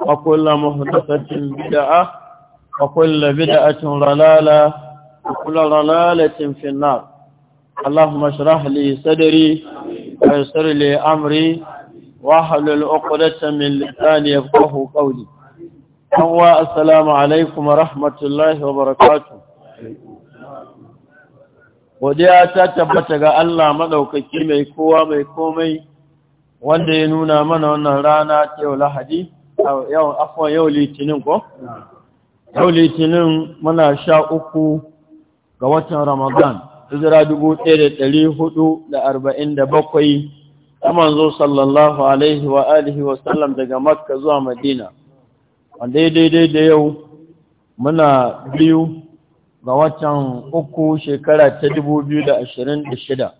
وكل محدثة بدعة وكل بدعة ضلالة وكل ضلالة في النار اللهم اشرح لي صدري ويسر لي أمري واحلل عقدة من لساني يفقه قولي هو السلام عليكم ورحمة الله وبركاته godiya ta tabbata ga Allah madaukaki mai kowa mai komai wanda ya nuna mana wannan rana ta yau Lahadi yau afwan yau litinin ko yau litinin muna sha uku ga watan ramadan hijira dubu ɗaya da ɗari hudu da arba'in da bakwai ta sallallahu alaihi wa alihi wa sallam daga makka zuwa madina wanda daidai da yau muna biyu ga watan uku shekara ta dubu biyu da ashirin da shida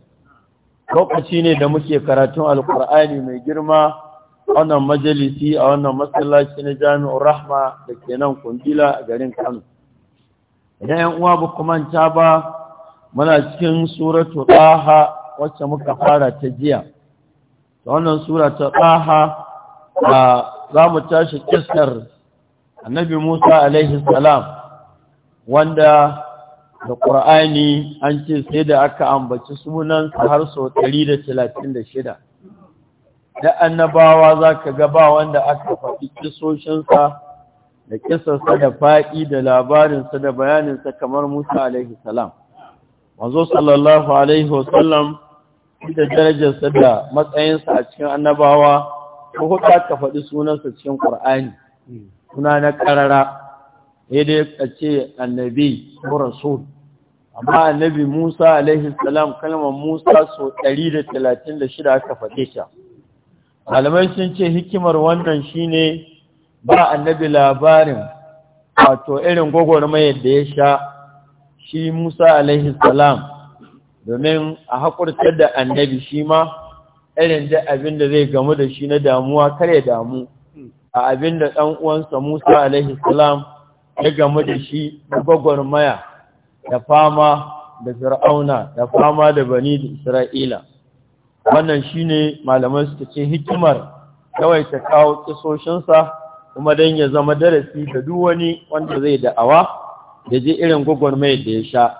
lokaci ne da muke karatun alkur'ani mai girma wannan majalisi a wannan masallaci na jami'ar rahma da ke nan kundila a garin kano idan yan uwa ba manta ba muna cikin suratu ɗaha wacce muka fara ta jiya ta wannan sura ta ɗaha a za mu tashi kiskar annabi musa alaihi salam wanda da ƙur'ani an ce sai da aka ambaci sunansa har sau 136 da annabawa za ka ba wanda aka faɗi kisoshinsa da kisarsa da faɗi da labarinsa da bayaninsa kamar Musa alaihi salam. Wanzo sallallahu alaihi wasallam da darajarsa da matsayinsa a cikin annabawa ko hudu aka faɗi sunansa cikin Ƙur'ani. Suna na ƙarara, ya dai ka ce annabi ko rasul. Amma annabi Musa alaihi salam kalmar Musa so shida, aka faɗe shi. malamai sun ce hikimar wannan shine ba annabi labarin wato irin gwagwarmayar da ya sha shi Musa alaihi salam domin a haƙurtar da annabi shi ma irin da abin da zai gamu da shi na damuwa kare damu a abin da ɗan uwansa Musa alaihi salam ya gamu da shi na gwagwarmaya da fama da fir'auna da fama da bani da isra'ila wannan shi ne malamai su ce hikimar kawai ta kawo kisoshinsa kuma don ya zama darasi da duk wani wanda zai da'awa da je irin mai da ya sha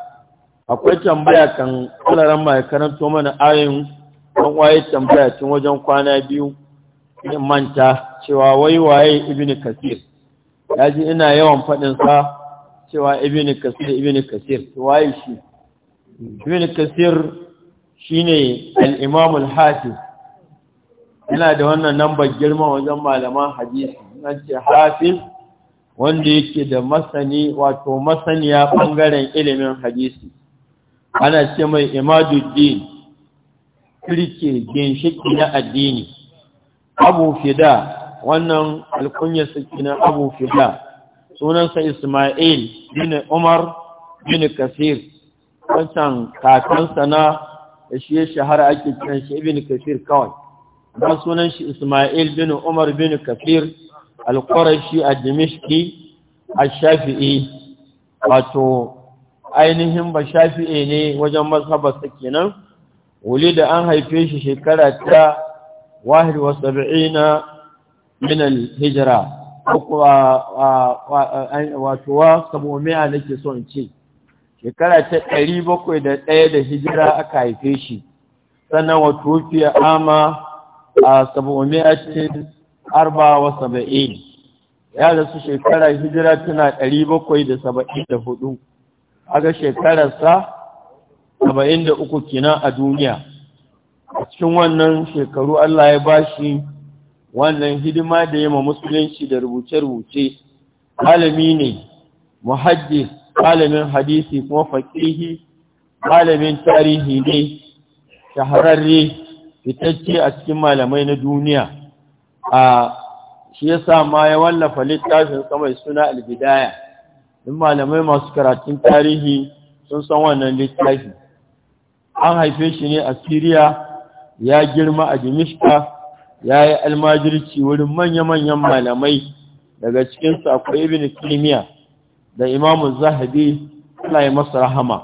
akwai tambaya kan kularan mai karanto mana ayin don waye tambaya tun wajen kwana biyu in manta cewa wai waye ibini kasir ya ji ina yawan faɗinsa cewa ibini kasir ibini kasir waye shi ibini kasir Shi ne Al'imamul al-hafiz yana da wannan nambar girma wajen malaman hadisi nan ce hafiz wanda yake da masani wato masaniya bangaren ilimin hadisi ana ce mai imaduddin kirke ginshiki na addini abu fida wannan alkunyar na abu fida sunansa ismail bin umar bin kasir wancan kakansa na da shi ya shahara ake kiran shi ibn kafir kawai amma sunan shi isma'il bin umar bin kafir al-qurashi ad-dimishqi a shafii wato ainihin ba shafi'i ne wajen mazhabarsa kenan wuli da an haife shi shekara ta 71 min al-hijra wato wa 700 nake so in ce shekara ta ɗari bakwai da ɗaya da hijira aka haife shi sannan wa tufiya ama a sabomiyatin arba wa saba'in ya su shekara hijira tana ɗari bakwai da saba'in da hudu aga shekararsa saba'in da uku kina a duniya a cikin wannan shekaru Allah ya bashi wannan hidima da yi ma musulunci da rubuce-rubuce malami ne muhaddis malamin hadisi kuma faƙihi malamin tarihi ne shahararre fitacce a cikin malamai na duniya a shi yasa ma ya wallafa littafin mai suna albidaya in malamai masu karatun tarihi sun san wannan littafi an haife shi ne a siriya ya girma a dimishka ya yi almajirci wurin manya-manyan malamai daga cikinsu akwai ibn kimiyya da imamun zahabi Allah ya masa rahama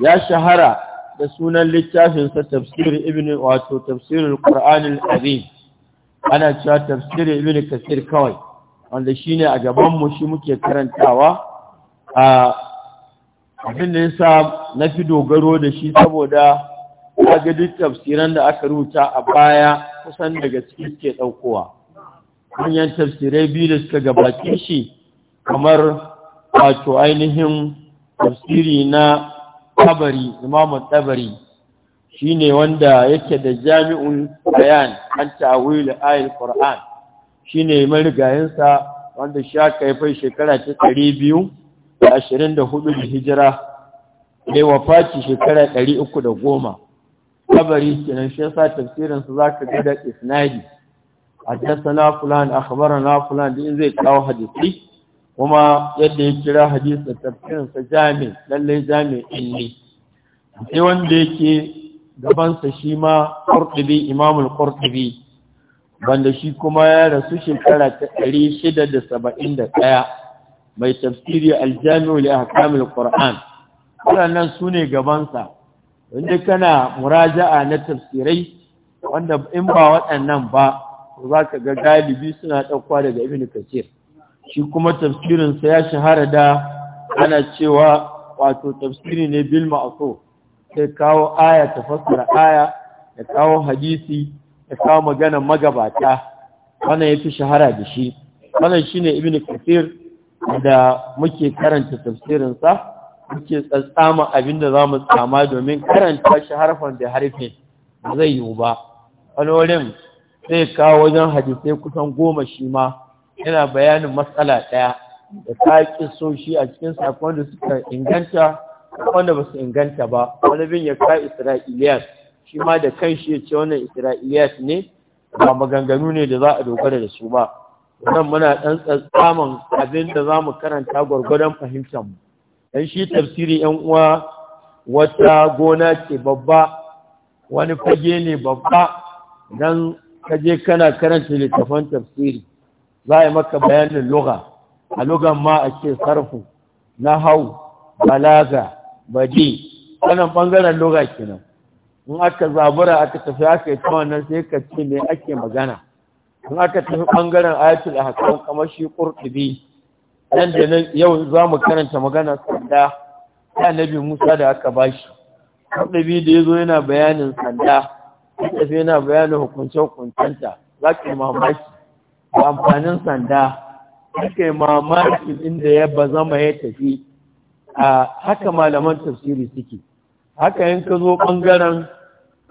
ya shahara da sunan littafinsa tafsir ibn wato tafsirul qur'anil azim ana cewa tafsir ibn kasir kawai wanda shine a gaban mu shi muke karantawa a abin da yasa na fi dogaro da shi saboda ga duk tafsiran da aka rubuta a baya kusan daga ciki ke ɗaukowa, manyan tafsirai biyu da suka gabace shi kamar wato ainihin tafsiri na tabari imamu tabari shine wanda yake da jami'un bayan an ta'awil ayil qur'an shine marigayinsa wanda shaka ya fai shekara ta 224 da hijira da wafaci shekara 310 kabari kenan shi yasa tafsirin sa zaka ga da isnadi haddathana fulan akhbarana fulan din zai kawo hadisi kuma yadda ya kira hadisa tafsirinsa jami lallai jami ne sai wanda yake gabansa shi ma ƙorɗibi imamul ƙorɗibi wanda shi kuma ya rasu shekara ta ɗari shida da saba'in da ɗaya mai tafsiri aljami'u li ahkamil qur'an waɗannan su ne gabansa wanda kana muraja'a na tafsirai wanda in ba waɗannan ba za ka ga galibi suna ɗauka daga ibn kasir shi kuma tafsirinsa ya shahara da ana cewa wato tafsiri ne bil ma'aso sai kawo aya ta fassara aya da kawo hadisi da kawo magana magabata wannan ya fi shahara da shi wannan shi ne ibn kafir da muke karanta tafsirinsa muke tsatsama abinda za mu tsama domin karanta shi harfan da harfe ba zai yiwu ba wani wurin sai kawo wajen hadisai kusan goma shi ma yana bayanin matsala ɗaya da ta shi a cikin sakon da suka inganta wanda ba su inganta ba wani bin ya ka Isra'iliyas shi ma da kan shi ya ce wannan Isra'iliyas ne ba maganganu ne da za a dogara da su ba wannan muna ɗan tsamin abin da za mu karanta gwargwadon fahimtar mu dan shi tafsiri yan uwa wata gona ce babba wani fage ne babba dan kaje kana karanta littafan tafsiri za a yi maka bayanin luga a lugan ma a ce sarfu na hau balaga baji wannan ɓangaren luga kenan in aka zabura aka tafi aka yi ta wannan sai ka ce me ake magana in aka tafi ɓangaren ayatul ahkam kamar shi qurtubi nan da nan yau za mu karanta magana sanda ta annabi Musa da aka bashi qurtubi da yazo yana bayanin sanda tafi yana bayanin hukunce hukuncenta zaki mamaki amfanin sanda ake mamaki inda ya ba zama ya tafi a haka malaman tafsiri suke haka yin ka zo ɓangaren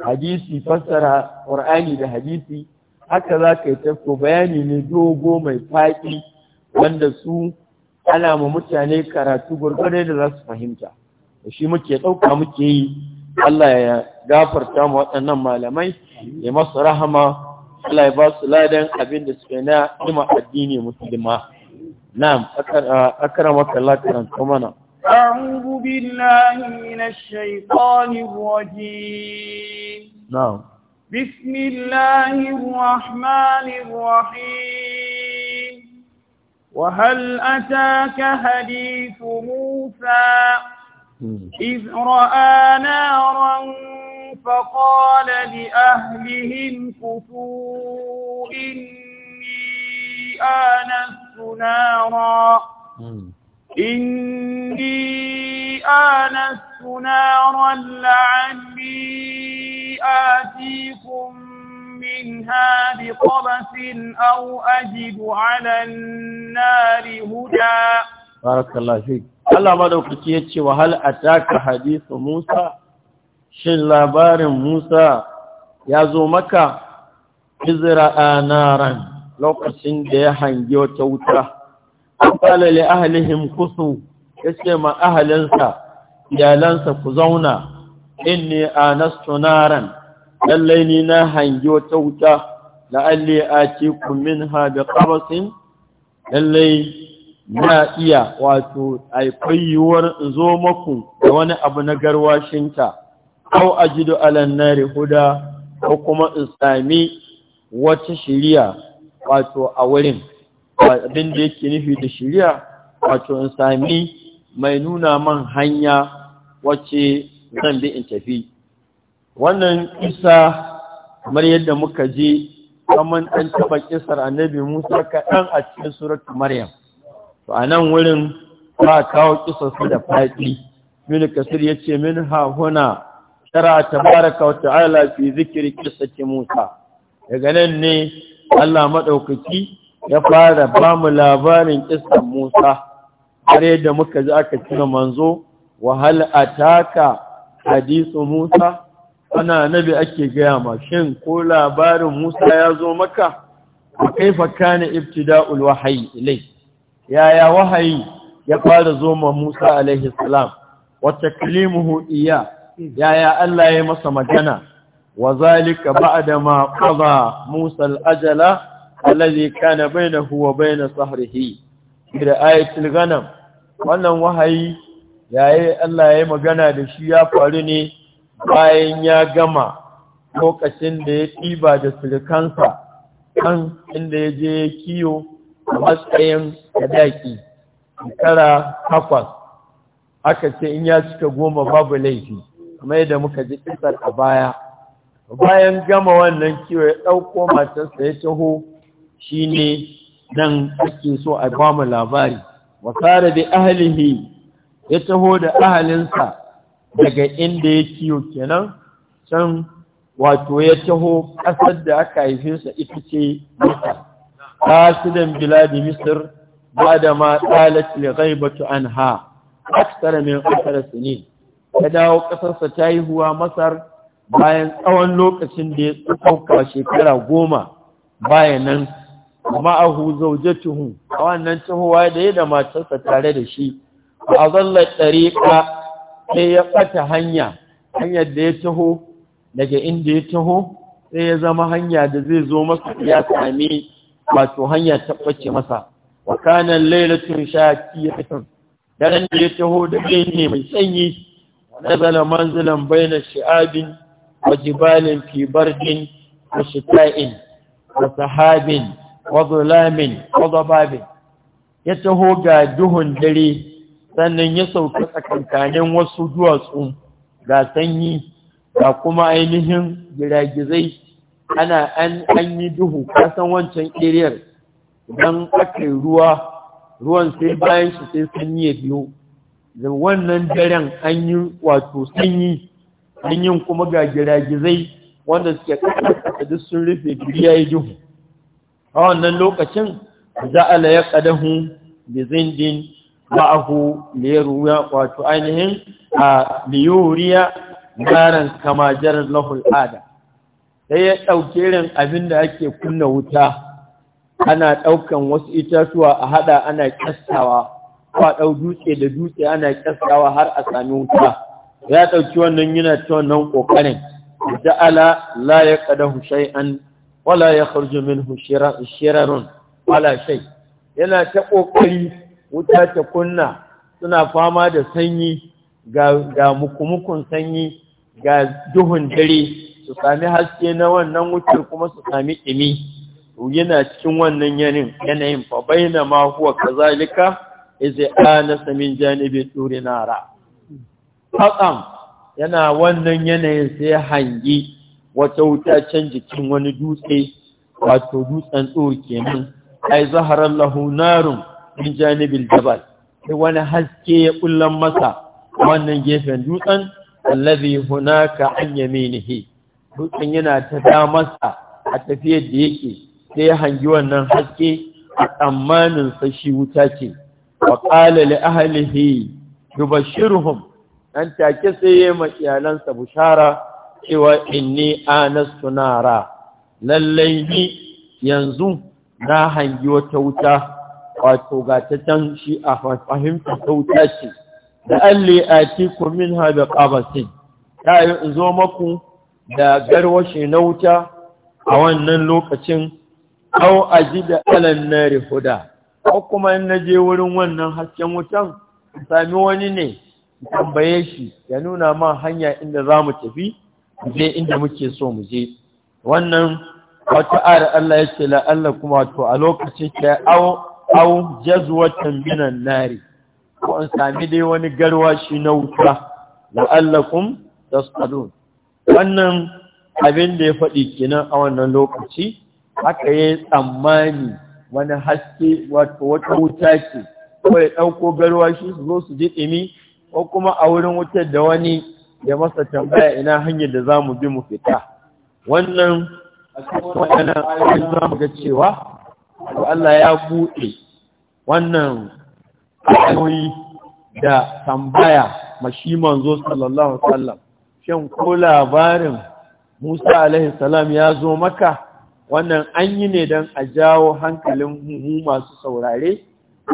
hadisi fassara ƙur'ani da hadisi haka za ka yi tafko bayani ne dogo mai faɗi wanda su ana ma mutane karatu gwargwarai da za su fahimta da shi muke ɗauka muke yi Allah ya gafarta mu waɗannan malamai ya masu rahama Allah ya ba su ladan abin da suke na nima addini musulma na'am akramaka Allah karanta mana أعوذ بالله من الشيطان الرجيم نعم بسم الله الرحمن الرحيم وهل أتاك حديث موسى إذ رأى نارا فقال لأهلهم كتوا إني آنست نارا إني آنست نارا لعلي آتيكم منها بقبس أو أجد على النار هدى بارك الله فيك الله ما دوكتي يتشي وهل أتاك حديث موسى shin labarin Musa ya zo maka a naran lokacin da ya hangi wata wuta kala le ahlihim kusu yace ma ahalinsa iyalansa ku zauna In ne a nasu naran lallai ni na hangi wata wuta la'alli min ha da qabasin lallai na iya wato aikwai yiwuwar zo maku da wani abu na garwashinta au ajidu alan nari huda ko kuma in sami wata shiriya wato a wurin abin da yake nufi da shiriya wato in sami mai nuna man hanya wace zan bi in tafi wannan isa kamar yadda muka je kamar ɗan taɓa ƙisar annabi musa kaɗan a cikin suratun maryam to a nan wurin ba kawo su da faɗi min kasir ya ce min hahuna shara tabaraka wa ta'ala fi zikri qissati Musa daga nan ne Allah madaukaki ya fara ba mu labarin kissan Musa har yadda muka ji aka cire manzo wa hal ataka hadisu Musa ana nabi ake gaya ma shin ko labarin Musa ya zo maka kaifa kana ibtida'ul wahyi ilai yaya wahayi ya fara zo ma Musa alaihi salam wa taklimuhu iya yaya Allah ya masa magana wa zalika ba'da ma qada Musa al-ajala alladhi kana bainahu wa bain sahrihi bi ayatul ghanam wannan wahayi yaya Allah ya magana da shi ya faru ne bayan ya gama lokacin da ya tiba da sulkansa kan inda ya je kiyo a matsayin kadaki shekara takwas aka ce in ya cika goma babu laifi kamar yadda muka ji kisar a baya bayan gama wannan kiwo ya ɗauko matarsa ya taho shi ne nan ake so a ba mu labari wasara da ahalihi ya taho da ahalinsa daga inda ya kiwo kenan can wato ya taho ƙasar da aka haife sa ita ce misar sidan biladi misir ba da ma tsalat ligaibatu an ha aksara min aksara sinin ya dawo ƙasarsa ta yi huwa masar bayan tsawon lokacin da ya ɗauka shekara goma bayan nan zauje tuhu a wannan tahowa da ya da matarsa tare da shi a zalla ɗariƙa sai ya ɓata hanya hanyar da ya taho daga inda ya taho sai ya zama hanya da zai zo masa ya sami wato hanya tabbace masa wa kanan lailatun shaqiyatun daren da ya taho da ne mai sanyi نزل منزلا بين شعاب وجبال في برد وشتاء وسحاب وظلام وضباب يتهو غا دهن دري sannan ya sauka tsakankanin wasu duwatsu ga sanyi ga kuma ainihin gida-gizai. ana an yi duhu kasan wancan iriyar don aka ruwa ruwan sai bayan shi sai sanyi ya biyo da wannan daren an yi wato sanyi an yin kuma ga giragizai wanda suke kasa duk sun rufe gari ya yi duhu a wannan lokacin za a laye kadahu da zindin ba'ahu leruwa wato ainihin a liyuriya kama kamajar lahul ada sai ya ɗauke irin abin da ake kunna wuta ana ɗaukan wasu itatuwa a haɗa ana kyastawa kwaɗau dutse da dutse ana kyaskawa har a sami wuta ya ɗauki wannan yana ta wannan ƙoƙarin da ala la ya hushai an wala ya kharju min shirarun wala shai. yana ta ƙoƙari wuta ta kunna suna fama da sanyi ga mukumukun sanyi ga duhun dare su sami haske na wannan wutar kuma su sami ɗumi. yana cikin wannan yanayin fa baina ma huwa kazalika izi anasa min janibin turi nara Fatsam yana wannan yanayin sai hangi wata wuta can jikin wani dutse wato dutsen tsoro kenan ai zaharar lahu min janibin jabal sai wani haske ya kullan masa wannan gefen dutsen allazi hunaka an yaminihi dutsen yana ta damarsa a tafiyar da yake sai hangi wannan haske a tsammanin sashi wuta ce wa qala li ahlihi yubashshiruhum nan take sai ya ma iyalansa bushara cewa inni anastu nara lallai ni yanzu na hangi wata wuta wato ga ta can shi a fahimta ta wuta ce da alli atiku minha da qabasin ta yi in zo maku da garwashi na wuta a wannan lokacin au ji da alan nari huda ko kuma in naje wurin wannan hasken wutan sami wani ne tambaye shi ya nuna ma hanya inda za mu tafi je inda muke so mu je wannan wata ara Allah ya ce la'alla kuma to a lokacin ta au au jazwatan minan nari ko an sami dai wani garwashi na wuta la'allakum tasqalun wannan abin da ya faɗi kenan a wannan lokaci haka yayi tsammani wani haske wato wata wuta ce ko ɗauko garwashi su zo su ji ɗimi ko kuma a wurin wutar da wani ya masa tambaya ina hanyar da za mu bi mu fita wannan a cikin ayoyin za mu ga cewa Allah ya buɗe wannan ayoyi da tambaya mashi manzo sallallahu alaihi wasallam shin ko labarin Musa alaihi salam ya zo maka wannan an yi ne don a jawo hankalin mu masu saurare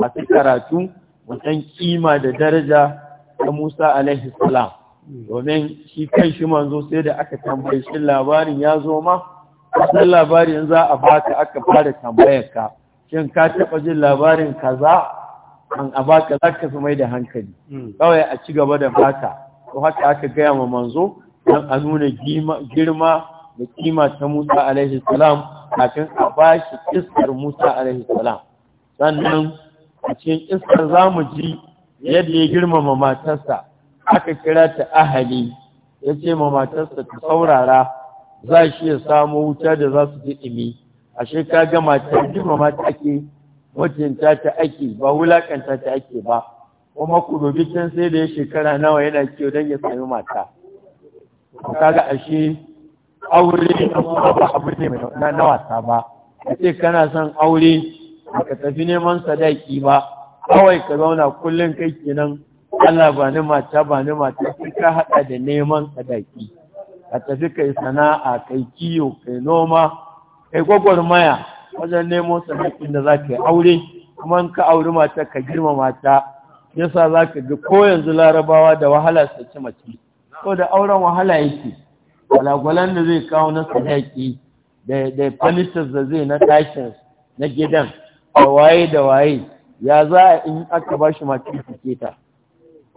masu karatu wajen kima da daraja ta Musa alaihi salam domin shi kan shi manzo sai da aka tambaye shi labarin ya zo ma wannan labarin za a baka aka fara tambayar ka shin ka taba jin labarin kaza an a baka zaka fi mai da hankali hmm. kawai a ci gaba da baka to haka aka gaya ma manzo don a nuna girma da kima ta Musa alaihi salam kafin a ba shi iskar Musa alaihi salam sannan a cikin iskar za mu ji yadda ya girmama matarsa aka kira ta ahali ya ce ma matarsa ta saurara za shi ya samo wuta da za su ji ɗumi ashe ka ga matar girmama ta ake mutunta ta ake ba wulakanta ta ake ba kuma ku dubi can sai da ya shekara nawa yana kyau don ya sami mata kaga ashe aure ba abu ne na wasa ba A ce kana son aure ka tafi neman sadaki ba kawai ka zauna kullum kai kenan Allah ba ni mata ba ni mata sai ka haɗa da neman sadaki ka tafi kai sana'a kai kiyo kai noma kai gwagwarmaya wajen neman sadakin da za ka yi aure kuma ka auri mata ka girma mata yasa za ka ga ko yanzu larabawa da wahala su ci mace ko da auren wahala yake gwalagwalan da zai kawo na sadaki da furnitures da zai na tashin na gidan da waye da waye ya za a in aka ba shi mace suke ta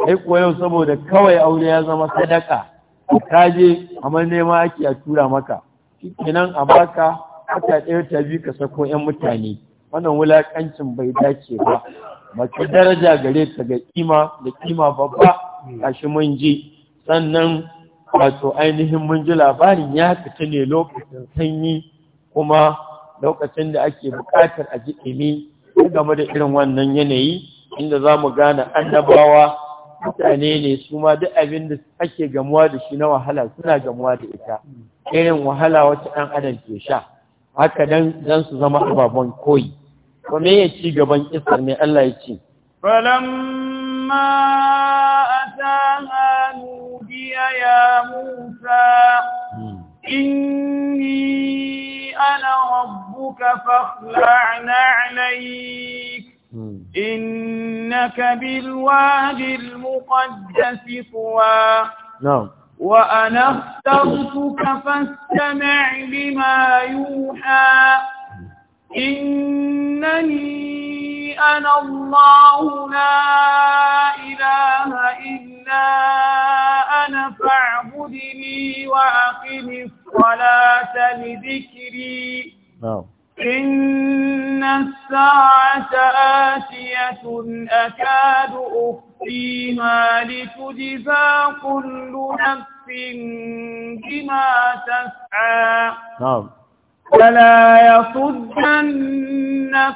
ai kuwa yau saboda kawai aure ya zama sadaka a kaje amma nema ake a tura maka kenan a baka aka ɗaya ta biyu ka sako 'yan mutane wannan wulaƙancin bai dace ba mace daraja gare ta ga kima da kima babba shi mun ji sannan wato ainihin mun ji labarin ya fita ne lokacin sanyi kuma lokacin da ake buƙatar a ji ɗimi game da irin wannan yanayi inda za mu gane annabawa mutane ne su ma duk abin da ake gamuwa da shi na wahala suna gamuwa da ita irin wahala wata ɗan adam ke sha haka dan dan su zama ababen koyi to me ya ci gaban kisar ne Allah ya ce falamma ataha ربي يا موسى إني أنا ربك فاخلع عليك إنك بالوادي المقدس طوى نعم وأنا اخترتك فاستمع لما يوحى إنني أنا الله لا إله إلا أنا فاعبدني وأقم الصلاة لذكري نعم. إن الساعة آتية أكاد أخفيها لتجزى كل نفس بما تسعى نعم ولا يصدنك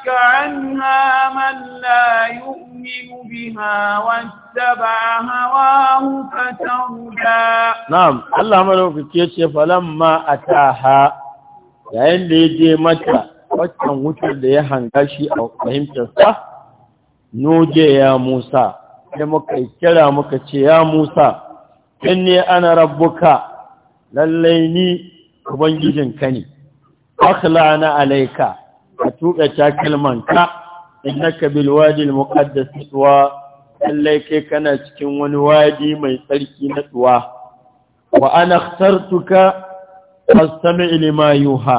عنها من لا يؤمن بها واتبع هواه فتردى نعم الله ملوك كيشي فلما أتاها yayin da ya je mata waccan wutar da ya hanga shi a fahimtar noje ya musa da muka kira muka ce ya musa in ne ana rabbuka lallai ni ka ne akhla na alayka ka tuka takalman ka innaka bil wadi al tuwa lallai kai kana cikin wani wadi mai tsarki na tuwa wa ana ilimayuha,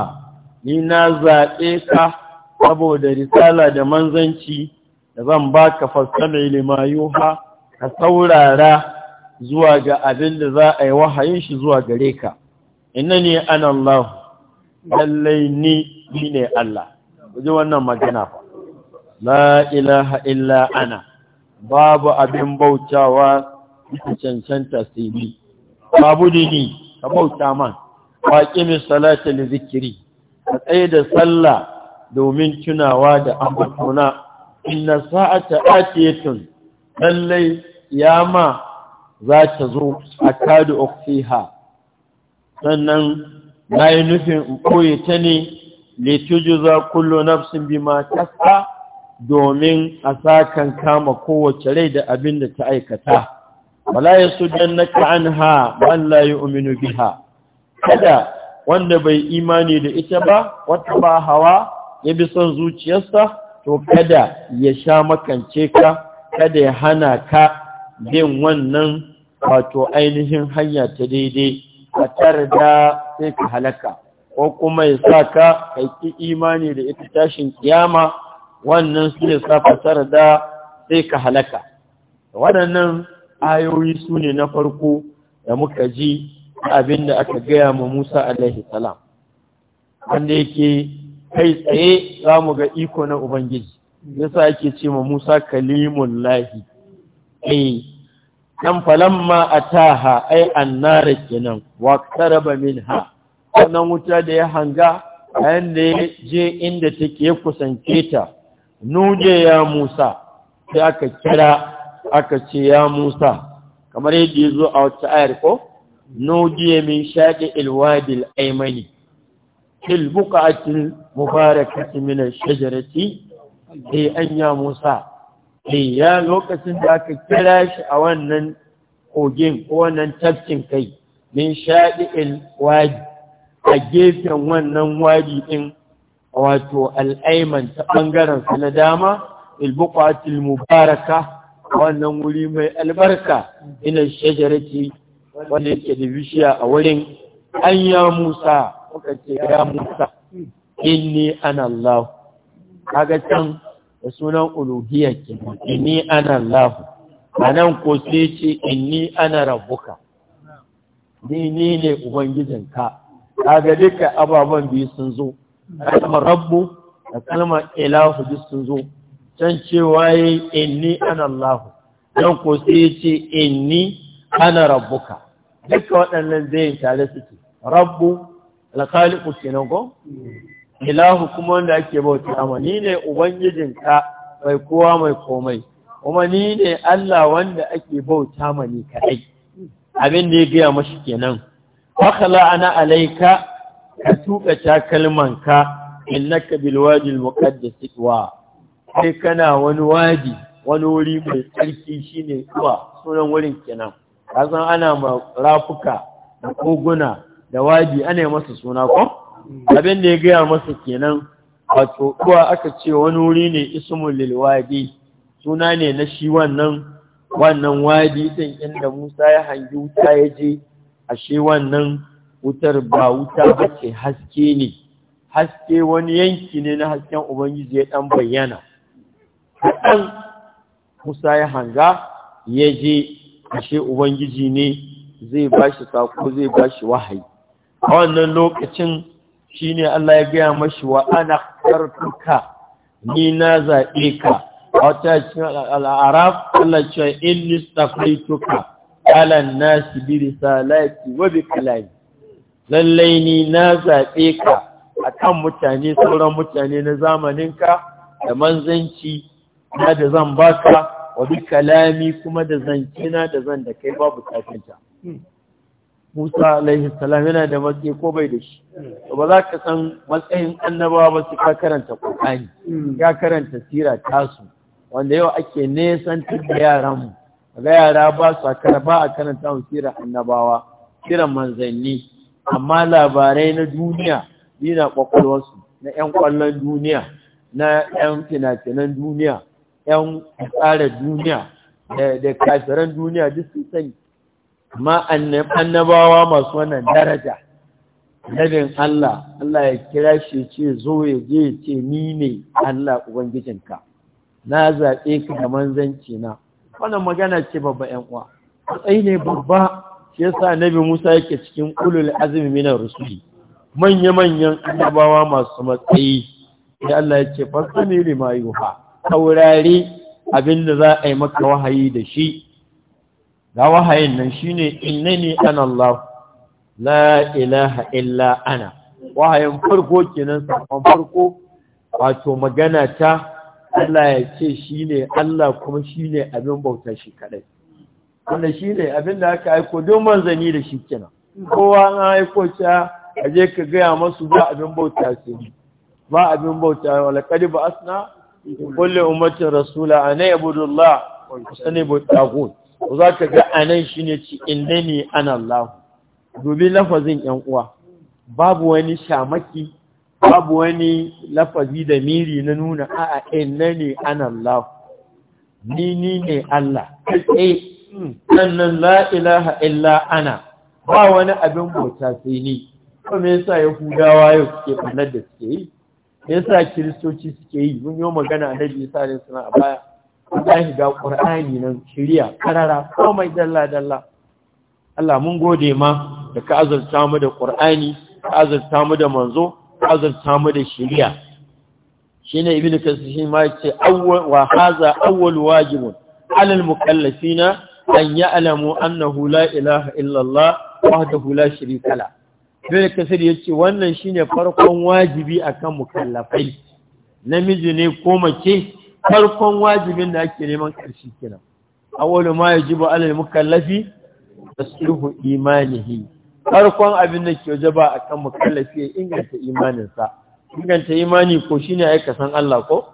ni na zaɓe ka saboda risala da manzanci da zan baka fastami' lima yuha ka saurara zuwa ga abin da za a yi wahayin shi zuwa gare ka innani an Allah lallai ni ni ne Allah ji wannan magana fa la ilaha illa ana babu abin bautawa da cancanta sai ni babu dini ka bauta man waqimi salata li zikri ka tsaye da sallah domin tunawa da ambatona inna sa'ata atiyatun lallai yama za ta zo a kadu ofiha. sannan na yi nufin in ta ne za kullu nafsin bima tasa domin a sakan kama kowace rai da abin da ta aikata wala ya an anha man la yu'minu biha kada wanda bai imani da ita ba wata ba hawa ya bi son zuciyarsa to kada ya sha makance ka kada ya hana ka bin wannan wato ainihin hanya ta daidai a tarda. sai ka halaka ko kuma ya sa ka kai imani da ita tashin kiyama wannan su ne sa fasar da sai ka halaka waɗannan ayoyi su ne na farko da muka ji abin da aka gaya ma Musa alaihi salam wanda yake kai tsaye za mu ga iko na Ubangiji yasa ake ce ma Musa kalimun lahi ma falamma taha ai annara kenan wa min ha? wannan wuta da ya hanga ayan da ya je inda take kusance ta nuje ya Musa sai aka kira aka ce ya Musa kamar yadda ya zo a wata ayar ko nuje min shaɗi ilwadil aimani, fil a cikin min minan shajarati sai an ya Musa eh ya lokacin da aka kira shi a wannan kogin ko wannan tafkin kai min shaɗi'il wadi a gefen wannan wadi ɗin wato al'aiman ta ɓangaren na dama ilbuƙatil mubaraka wannan wuri mai albarka ina shajarati wanda yake da bishiya a wurin an ya musa kuka ce ya musa inni an Allah kaga can da sunan uluhiyar ke inni ana lahu a nan ko sai ce inni ana Rabuka. ni ni ne ubangijinka kaga duka ababen biyu sun zo kalmar rabbu da kalmar ilahu duk sun zo can cewa yi inni ana lahu don ko sai ce inni ana Rabuka. duka waɗannan zai tare suke rabbu alkhaliqu kenan ko ilahu kuma wanda ake bauta ma ni ne ka mai kowa mai komai kuma ni ne Allah wanda ake bauta ma ni kadai abin da ya gaya mashi kenan fakala ana alaika ka tuka ka innaka bil wadi al muqaddas wa sai kana wani wadi wani wuri mai tsarki shine kuwa sunan wurin kenan kasan ana rafuka da koguna da wadi ana masa suna ko abin da ya gaya masa kenan wato tsohuwa aka ce wani wuri ne ismul lilwadi suna ne na shi wannan wannan wadi din inda Musa ya hangi wuta ya je ashe wannan wutar ba wuta ba ce haske ne haske wani yanki ne na hasken ubangiji ya ɗan bayyana kaɗan Musa ya hanga ya je ashe ubangiji ne zai ba shi sako zai ba shi wahayi a wannan lokacin shine Allah ya gaya mashi wa ana karfuka ni na zaɓe ka A wata cikin al'araf Allah cewa inni stafaituka ala nasi bi risalati wa bi kalami lallai ni na zaɓe ka a kan mutane sauran mutane na zamaninka da manzanci na da zan baka wa bi kalami kuma da zancina da zan da kai babu kafinta hmm. Musa alaihi salam yana da matsayi ko bai da shi ba za ka san matsayin annabawa ba su ka karanta Qur'ani ya karanta sira tasu wanda yau ake nesan da yaran mu ga yara ba su ba a karanta mu sira annabawa siran manzanni amma labarai na duniya yana su, na 'yan kwallon duniya na 'yan fina-finan duniya 'yan tsara duniya da kafiran duniya duk sun sani ma annabawa masu wannan daraja nabin Allah Allah ya kira shi ce zo ya je ce ni ne Allah ubangijinka na zaɓe ka da manzanci na wannan magana ce babba ƴan uwa matsayi ne babba shi yasa nabi Musa yake cikin ulul azmi minar rusuli manya-manyan annabawa masu matsayi sai Allah ya ce fasami lima yuha taurari abinda za a yi maka wahayi da shi ga wahayin nan shine innani ana Allah la ilaha illa ana wahayin farko kenan sakon farko wato magana ta Allah ya ce shine Allah kuma shine abin bauta shi kadai wannan shine abin da aka aiko don manzani da shi kenan kowa an aiko ta aje ka gaya masu ba abin bauta sai ba abin bauta wala kadi ba asna kulli ummatin rasula ana yabudullah wa sani bauta za ka ga a nan shi ne ci inda ne an Allah Domin lafazin ‘yan uwa babu wani shamaki babu wani lafazi da miri na nuna a'a inda ne an Allah ni ni ne Allah kai sannan la illa ana ba wani abin bauta sai ni ko me yasa yahudawa yau suke ɓanar da suke yi me yasa kiristoci suke yi mun yi magana a annabi sa ne suna a baya wallahi ga ƙur'ani nan shirya karara komai dalla dalla Allah mun gode ma da ka azarta mu da ƙur'ani ka azarta mu da manzo ka azarta mu da shirya shine ibnu kasir shi ma yace wa hadha awwal wajibun alal mukallafina an annahu la ilaha illa da hula la kala. la ibnu kasir yace wannan shine farkon wajibi akan mukallafai namiji ne ko mace farkon wajibin da ake neman ƙarshe kenan awwalu ma ya yajibu alal mukallafi tasrihu imanihi farkon abin da ke wajaba akan mukallafi ya inganta imaninsa inganta imani ko shine aika san Allah ko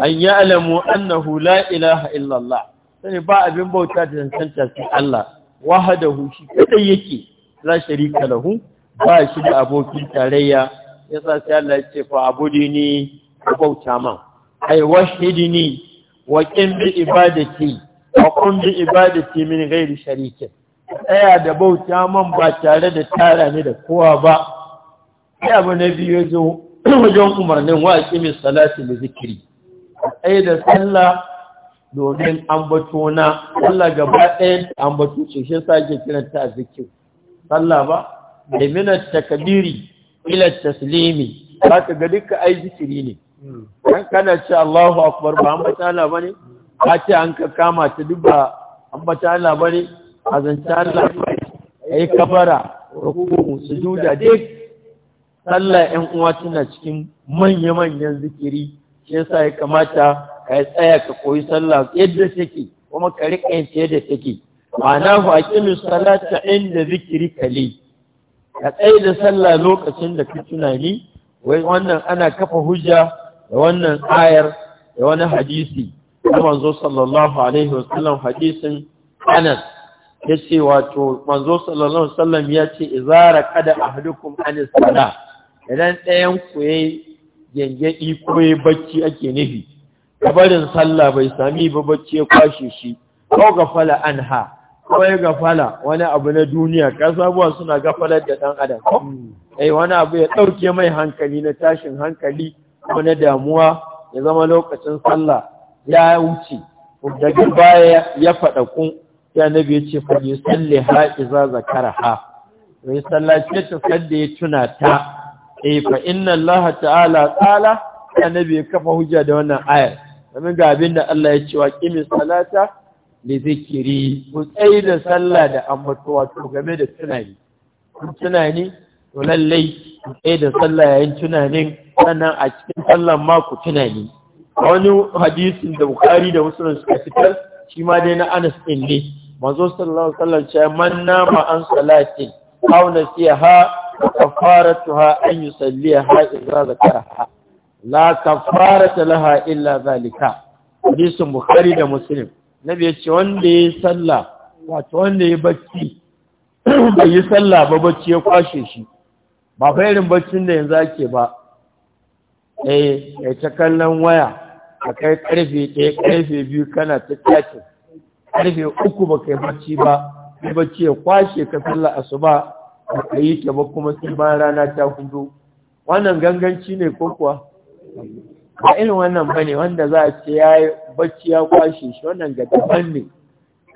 an alamu annahu la ilaha illa Allah sai ba abin bauta da tantance sai Allah wahdahu shi kadai yake la sharika lahu ba shi da abokin tarayya yasa sai Allah ya ce fa abudini bauta man ai wahidni wa qim bi ibadati wa qum bi ibadati min ghairi sharikin tsaya da bauta man ba tare da tara ne da kowa ba Ya abu na biyu ya zo wajen umarnin wa aqimi salati bi zikiri. ai da sallah domin ambato na sallah gaba ɗaya ambato ce shi yasa ake kiranta zikin. sallah ba da minat takbiri ila taslimi zaka ga duka ai zikiri ne dan kana ce Allahu akbar ba an bata Allah bane ka ce an ka kama ta duk ba an bata Allah bane azanci Allah ai kabara ruku sujuda duk sallah ɗan uwa tana cikin manya-manyan zikiri shi yasa ya kamata ka tsaya ka koyi sallah yadda take kuma ka riƙa yin yadda take ma'ana ku aqimu salata inda zikiri kale ka tsaye da sallah lokacin da ka tunani wai wannan ana kafa hujja da wannan ayar da wani hadisi da manzo sallallahu alaihi wasallam hadisin anas ya ce wato manzo sallallahu alaihi wasallam ya ce izara kada ahadukum anis sala idan ɗayan ku yayi gengedi ko yayi bacci ake nufi kabarin sallah bai sami ba bacci ya kwashe shi ko gafala anha ko ya gafala wani abu na duniya sabuwa suna gafalar da dan adam ai hmm. eh, wani abu ya ɗauke mai hankali na tashin hankali ko na damuwa ya zama lokacin sallah ya wuce daga baya ya faɗa kun ya nabi ya ce fadi salli ha iza zakara ha mai sallace ta sadda ya tuna ta E, fa inna Allah ta'ala tsala. ya nabi ya kafa hujja da wannan ayar domin ga abin da Allah ya ce wa mai salata li zikiri ku tsayi da sallah da ambato to game da tunani to lallai ɗaya da sallah yayin tunanin sannan a cikin sallan ma ku tunani wani hadisin da bukari da musulun suka fitar shi ma dai na anas ɗin ne manzo sallallahu alaihi wasallam cewa man nama an salatin aw nasiha kafaratuha an yusalliha idza zakaraha la kafarata laha illa zalika hadisin bukhari da muslim nabi ya ce wanda ya sallah wato wanda ya bacci bai yi sallah ba bacci ya kwashe shi ba fa irin baccin da yanzu ake ba eh ya ta kallon waya a kai karfe ɗaya karfe biyu kana ta tashi karfe uku ba kai bacci ba kai bacci ya kwashe ka sallar asuba ba ka yi ta ba kuma sai ba rana ta hudu wannan ganganci ne ko kuwa ba irin wannan bane wanda za a ce ya yi bacci ya kwashe shi wannan ga daban ne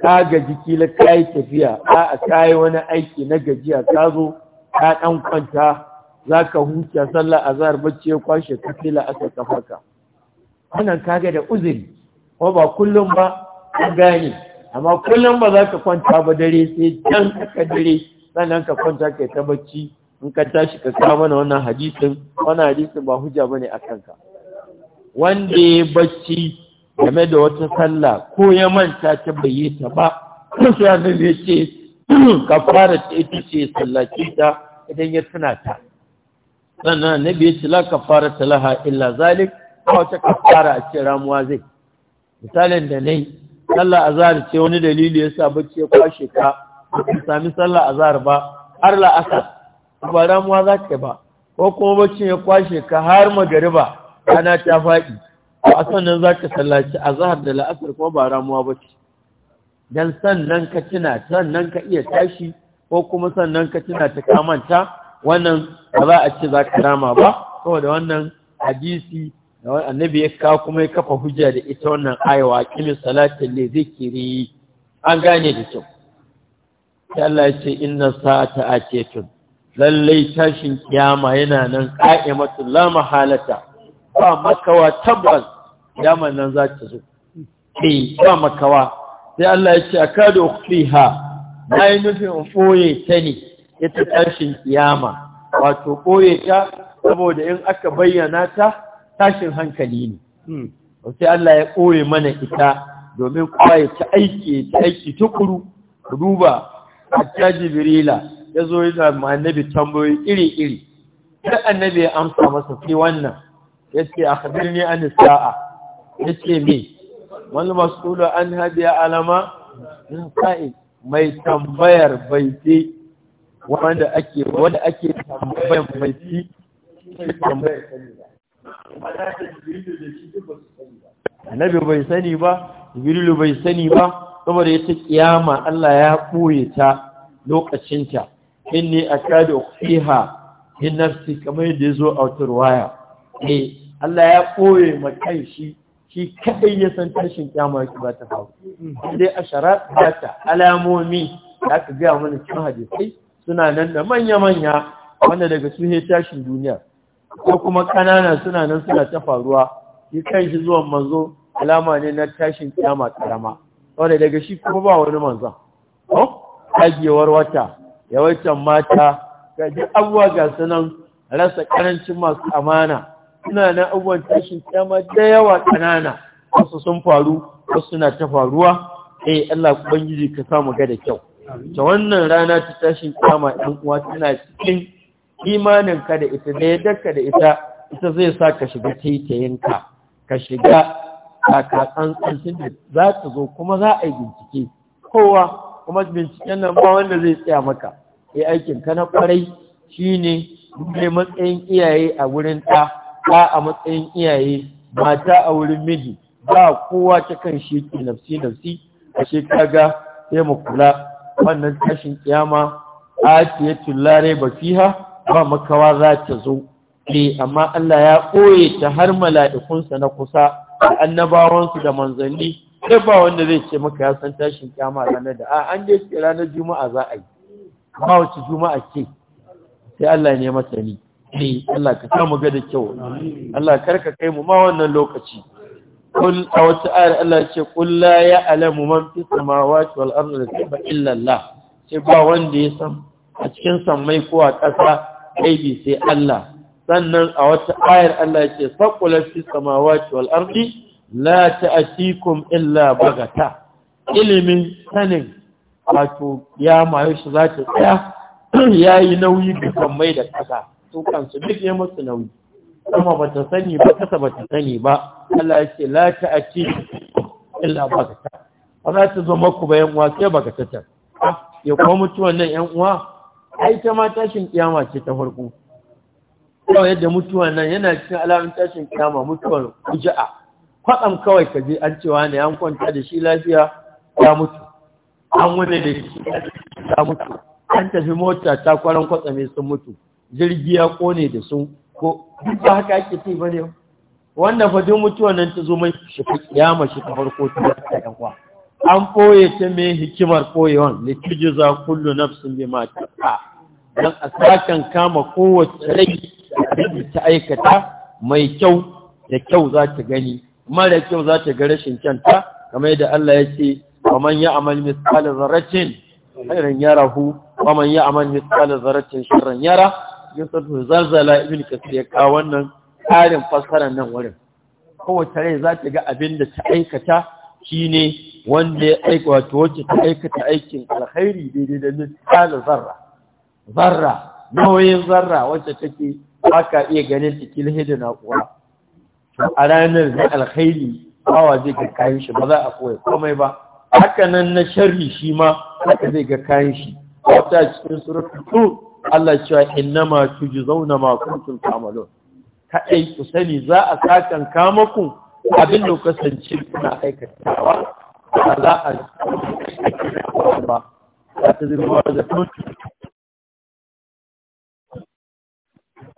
ka gaji kila ka yi tafiya a kai wani aiki na gajiya ka zo ka ɗan kwanta za ka sallah a zahar bacci ya kwashe ka sai la'asar ka farka wannan kaga da uzuri ko ba kullum ba ka gane amma kullum ba za ka kwanta ba dare sai can ka dare sannan ka kwanta kai ta bacci in ka tashi ka kawo mana wannan hadisin wannan hadisin ba hujja ba ne a kanka wanda ya bacci game da wata sallah ko ya manta ta bayyata ba sai annabi ya ce kafara ta ita ce sallaci ta idan ya tuna ta sannan na biyu ce la kafara ta laha illa zalik a ka kafara a ce ramuwa zai misalin da nai sallah azahar ce wani dalili ya sa bacci ya kwashe ka ka sami sallah azahar ba har la'asar ba ramuwa za ka ba ko kuma bacci ya kwashe ka har magariba ana ta faɗi a sannan za ka sallaci azhar da la'asar kuma ba ramuwa ba ce dan sannan ka tuna sannan ka iya tashi ko kuma sannan ka tuna ta kamanta wannan ba za a ce za ka rama ba saboda wannan hadisi da annabi ya kawo kuma ya kafa hujja da ita wannan ayawa kimin salatin ne zikiri an gane da kyau sai Allah ya ce inna sa'ata atiyatun lallai tashin kiyama yana nan qa'imatu la mahalata ba makawa tabbas kiyama nan za ta zo eh ba makawa sai Allah ya ce a akadu na yi nufin in ɓoye ta ne ita tashin kiyama wato ɓoye ta saboda in aka bayyana ta tashin hankali ne hmm. sai Allah ya ɓoye mana ita domin kowa ya aiki ta aiki tukuru duba hatta jibrila ya zo zama annabi tambayoyi iri-iri sai annabi ya amsa masa sai wannan ya ce a an sa'a ya ce me wani masulu an hadiya alama in sa'id mai tambayar baiti wanda ake wanda ake tambayan baiti tambayar sani ba annabi bai sani ba jibrilu bai sani ba saboda yata kiyama Allah ya ɓoye ta lokacinta ne inni akadu ukhfiha min nafsi kamar yadda yazo a wata ruwaya eh Allah ya ɓoye ma shi shi kaɗai ya san tashin kyama shi ba ta faru dai ashara ba ta alamomi da aka gaya mana cikin hadisai suna nan da manya-manya wanda daga su he tashin duniya ko kuma ƙanana suna nan suna ta faruwa shi kan shi zuwan manzo alama ne na tashin kyama ƙarama. wanda daga shi kuma ba wani manzo ko kagewar wata yawaitan mata ga duk abubuwa ga sanan rasa ƙarancin masu amana suna na abubuwan tashin kyama da yawa ƙanana wasu sun faru wasu suna ta faruwa eh Allah ubangiji ka samu ga da kyau ta wannan rana ta tashin kyama ɗan uwa tana cikin imanin ka da ita da yadda ka da ita ita zai sa ka shiga taitayinka ka shiga kakakantsancin da za ta zo kuma za a yi bincike kowa kuma binciken nan ba wanda zai tsaya maka Eh, aikin ka na kwarai shine ne matsayin iyaye a wurin ɗa ɗa a matsayin iyaye mata a wurin miji ba kowa ta kan shi ke nafsi nafsi a kaga sai mu kula wannan tashin kiyama a ya tullare ba fiha ba makawa za ta zo ne eh, amma Allah ya ɓoye ta har mala'ikunsa na kusa da annabawansu da manzanni sai ba wanda zai ce maka ya san tashin kiyama ranar da a an dai ranar juma'a za a yi ba wace juma'a ce sai Allah ne masani eh Allah ka samu ga da kyau Allah karka kai mu ma wannan lokaci kul a wata ayar Allah ce kul la ya'lamu man fi samawati wal ardi illa Allah sai ba wanda ya san a cikin samai ko a ƙasa bi sai Allah sannan a wata ayar Allah ce saqulat fi samawati wal ardi la ta'tikum illa bagata ilimin sanin wato ya mayo shi za ta tsaya yayi nauyi da samai da ƙasa su kansu duk ya musu nauyi kuma ba ta sani ba kasa ba ta sani ba Allah ya ce la ta'ati illa ta, ba za ta zo maku ba yan uwa sai ta ah, ya kuma mutu nan yan uwa ai ta ma tashin kiyama ce ta farko kawai yadda mutu nan yana cikin alamun tashin kiyama mutuwar kuja'a kwatsam kawai ka je an cewa ne an kwanta da shi lafiya ya mutu an wani da shi ya mutu an tafi mota ta kwaran kwatsame sun mutu jirgi ya kone da su ko duk ba haka ake ce ba ne wannan fa duk nan ta zo mai shi kiyama shi ta farko ta ta yan an ɓoye ta mai hikimar koyewan za kullu nafsin ta ta dan a sakan kama kowace rai da ta aikata mai kyau da kyau za ta gani mara kyau za ta ga rashin kyanta kamar yadda Allah ya ce ya ومن يعمل مثقال yara, خيرا يره ya amal مثقال ذرة شرا yara. yusufu zarzala ibn kasir ya kawo wannan ƙarin fassarar nan wurin kowace rai za ta ga abin da ta aikata shine wanda ya aika wato wacce ta aikata aikin alkhairi daidai da misali zarra zarra nauyin zarra wacce take aka iya ganin cikin na kuwa a ranar da alkhairi bawa zai ga kayan shi ba za a koya komai ba haka nan na sharri shi ma haka zai ga kayan shi wata cikin surutu Allah cewa innama tujzauna ma kuntum ta'malun kai ku sani za a sakan kamakun. abin da kasance kuna aikatawa za a ba za ta zirwa da tuntu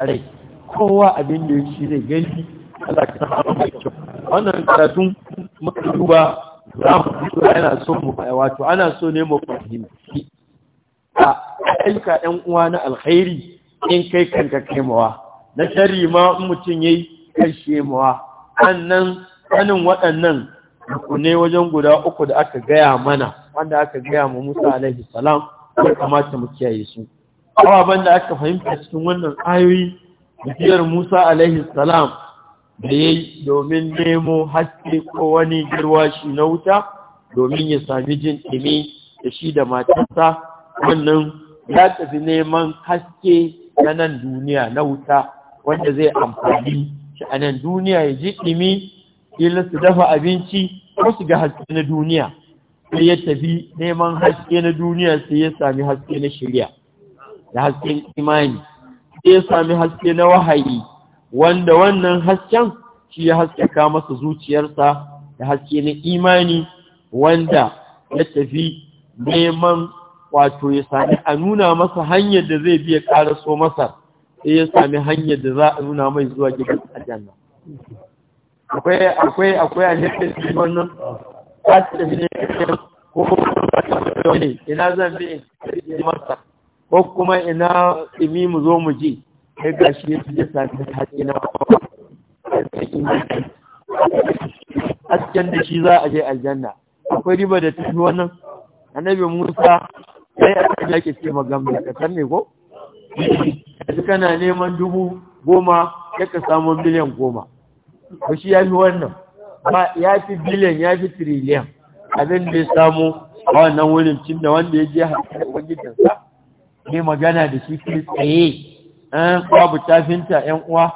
rai kowa abin da yake da gani Allah ka samu mai kyau wannan karatun muka duba za mu yana so mu wato ana so ne mu fahimci a ayyuka ɗan uwa na alkhairi in kai kanka kaimawa na shari ma mutum yayi kai shemawa annan sanin waɗannan rukunai wajen guda uku da aka gaya mana wanda aka gaya ma Musa alaihi salam ya kamata mu kiyaye su ababen da aka fahimta cikin wannan ayoyi bishiyar Musa alaihi salam da yayi domin nemo haske ko wani girwashi na wuta domin ya sami jin ɗumi da shi da matarsa wannan ya tafi neman haske na nan duniya na wuta wanda zai amfani shi a nan duniya ya ji ɗimi ila su dafa abinci ko su ga haske na duniya sai ya tafi neman haske na duniya sai ya sami haske na shirya da hasken imani sai ya sami haske na wahayi wanda wannan hasken shi ya haskaka masa zuciyarsa da haske na imani wanda ya tafi neman wato ya sami a nuna masa hanyar da zai biya so masa sai ya sami hanyar da za a nuna mai zuwa gidan aljanna akwai akwai akwai a nufin wannan kasa da ne ko ne ina zan bi in masa ko kuma ina imi mu zo mu ji sai ga shi ya fiye sami haƙi na asken da shi za a je aljanna akwai riba da tafi wannan annabi musa sai a kan yake ce magamba ka san ne ko yanzu kana neman dubu goma ya ka samu miliyan goma ko shi ya fi wannan ba ya fi biliyan ya fi tiriliyan abin da ya samu a wannan wurin cin da wanda ya je hankali ubangidansa ne magana da shi kai tsaye an eh, babu tafinta yan uwa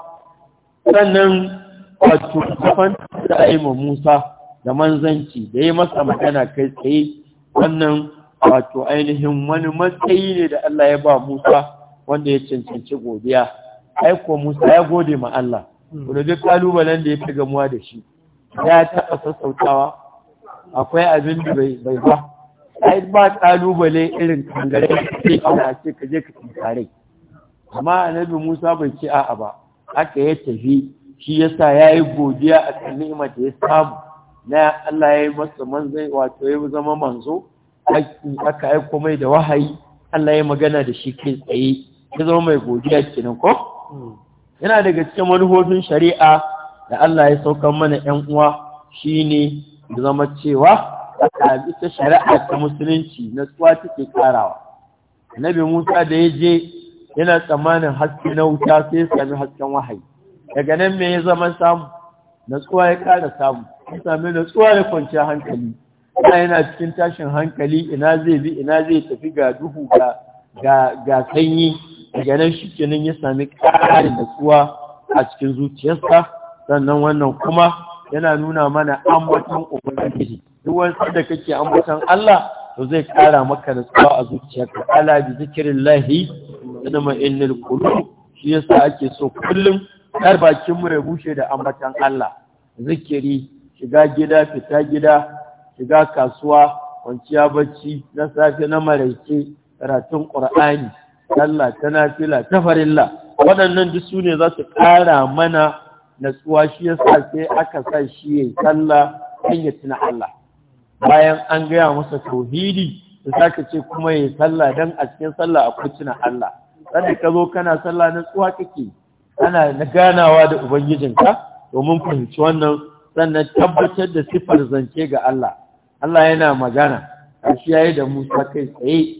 sannan wato kafan da aima musa da manzanci da ya masa magana kai tsaye wannan wato ainihin wani matsayi ne da Allah ya ba Musa wanda ya cancanci godiya aiko Musa ya gode ma Allah hmm. wanda duk kalubalen da ya fi gamuwa da shi ya taɓa sassautawa akwai abin da bai ba ai ba kalubale irin kangare sai ana ce ka je ka tare. amma annabi Musa bai ce a'a ba aka ya tafi shi yasa yayi godiya a kan ni'imar da ya samu na Allah ya yi masa manzo wato ya zama manzo aka aiko mai da wahayi Allah ya magana da shi kai tsaye ya zama mai godiya kenan ko yana daga cikin manufofin shari'a da Allah ya saukar mana ƴan uwa shine ya zama cewa a bisa shari'a ta musulunci na tsuwa take karawa annabi Musa da ya je yana tsamanin haske na wuta sai ya sami hasken wahayi daga nan me ya zama samu natsuwa ya kara samu ya sami natsuwa ya kwanciya hankali ina yana cikin tashin hankali ina zai bi ina zai tafi ga duhu ga sanyi daga nan shi kenan ya sami ƙarin natsuwa a cikin zuciyarsa sannan wannan kuma yana nuna mana ambaton ubangiji duk wani da kake ambaton Allah to zai ƙara maka natsuwa a zuciyarka ala bi da inma innal qulub shi yasa ake so kullum har bakin mu ya bushe da ambaton Allah zikiri shiga gida fita gida shiga kasuwa kwanciya bacci na safe na maraice karatun ƙur'ani sallah ta nafila ta farilla waɗannan duk su ne za su ƙara mana natsuwa shi yasa sai aka sa shi ya sallah kan ya tuna Allah bayan an gaya masa tauhidi da sake ce kuma ya yi sallah don a cikin sallah akwai tuna Allah sanda ka zo kana sallah natsuwa kake ana na ganawa da ubangijinka domin fahimci wannan sannan tabbatar da siffar zance ga Allah Allah yana magana shi yayi da Musa kai tsaye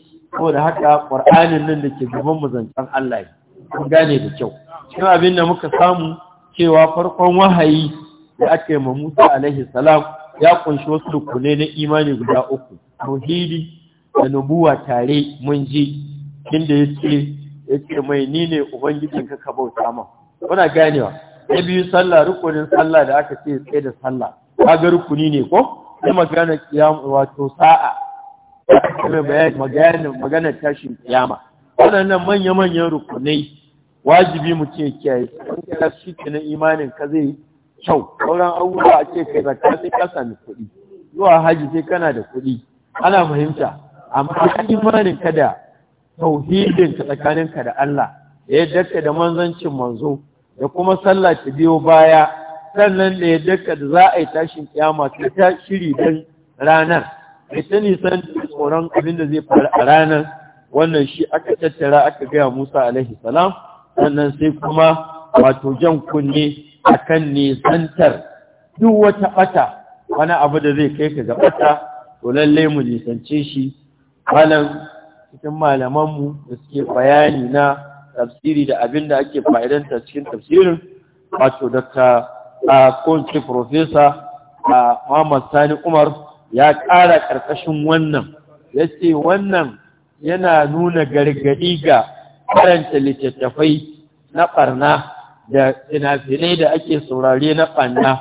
da haka ƙwar'anin nan da ke gaban mu zancan Allah ne kun gane da kyau cikin abin da muka samu cewa farkon wahayi da aka yi ma Musa alaihi salam ya kunshi wasu rukunai na imani guda uku tauhidi da nubuwa tare mun ji inda ya ce mai ni ne Ubangijin ka bauta ma. kuna ganewa na biyu sallah rukunin sallah da aka ce tsaye da sallah ga rukuni ne ko da magana kiyama wato sa'a kuma magana magana tashin kiyama waɗannan manya-manyan rukunai wajibi mu ce kiyaye in ka shi kenan imanin ka zai kyau sauran abubuwa a ce kai zaka sai ka sami kuɗi zuwa haji sai kana da kuɗi ana fahimta amma imanin ka da tauhidin ka tsakaninka da Allah da yadda ka da manzancin manzo da kuma sallah ta biyo baya sannan da yadda da za a yi tashin kyama ta ta shiri don ranar mai ta nisan tsoron abin da zai faru a ranar wannan shi aka tattara aka gaya musa alaihi salam sannan sai kuma wato jan kunne a kan nisantar duk wata bata wani abu da zai kai ka ga bata to lallai mu nisance shi malam cikin malaman mu da suke bayani na tafsiri da abin da ake fa'idanta cikin tafsirin wato daga a kunci profesa a Muhammad Sani Umar ya ƙara ƙarƙashin wannan ya ce wannan yana nuna gargaɗi ga karanta littattafai na ɓarna da sinafinai da ake saurare na ɓarna.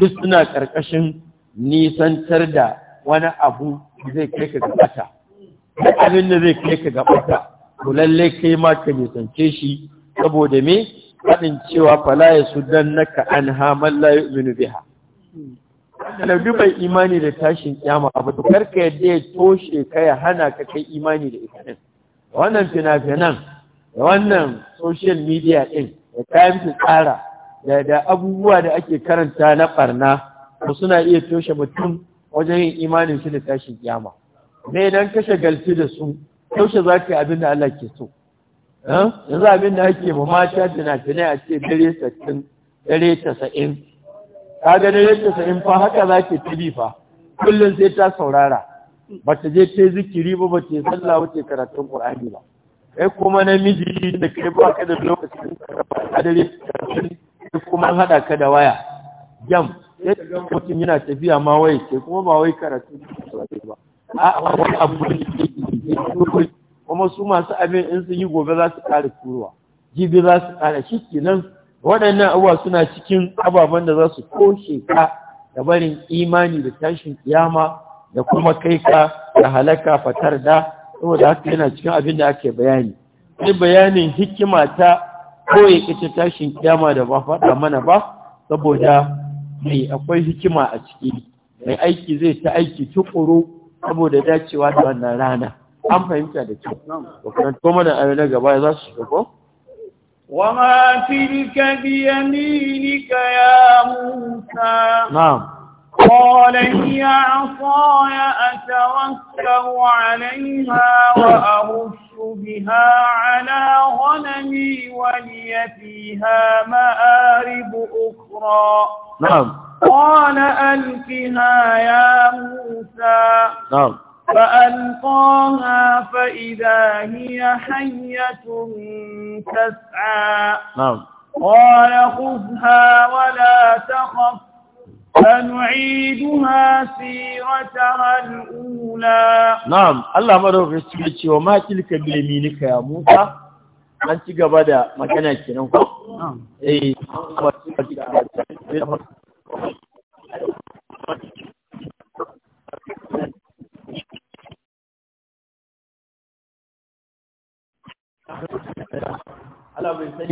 duk suna ƙarƙashin nisantar da wani abu zai kai ka gabata duk abin da zai kai ka gabata ku lallai kai ma ka nisance shi saboda me faɗin cewa fala ya sudan naka an haman layu minu biha wanda na bai imani da tashin kyama abu to karka yadda ya toshe ka ya hana ka kai imani da ita ɗin wannan fina-finan da wannan social media ɗin da kayan fitsara da da abubuwa da ake karanta na ɓarna ko suna iya toshe mutum wajen yin imanin shi da tashin kyama Me idan kashe galfi da su toshe za ka yi abin da Allah ke so yanzu abin da ake ma mata fina-finai a ce dare sassin dare tasa'in ka ga dare tasa'in fa haka za ke tabi fa kullum sai ta saurara ba ta je ta zikiri ba ba ta sallah ba ta karatun ƙur'ani ba kai kuma namiji da kai ba ka da lokacin a dare tasa'in kai kuma an haɗa ka da waya jam sai ta gama mutum yana tafiya ma wai ce kuma ba wai karatun ba a'a wani abu ne ke kuma su masu abin in sun yi gobe za su ƙara turowa jibi za su ƙara shi kenan waɗannan abuwa suna cikin ababen da za su koshe ka da barin imani da tashin kiyama da kuma kai ka da halaka fatar da saboda haka yana cikin abin da ake bayani sai bayanin hikima ta koye ita tashin kiyama da ba faɗa mana ba saboda mai akwai hikima a ciki mai aiki zai ta aiki tukuru saboda dacewa da wannan rana وما تلك بيمينك يا موسى نعم قال هي عصاي أتوكل عليها وأهش بها على غنمي ولي فيها مآرب أخرى نعم قال ألقها يا موسى نعم فألقاها فإذا هي حية تسعى نعم قال خذها ولا تخف سنعيدها سيرتها الأولى نعم الله مدوك يسمعك وما تلك بيمينك يا موسى an ci gaba da magana kenan ko eh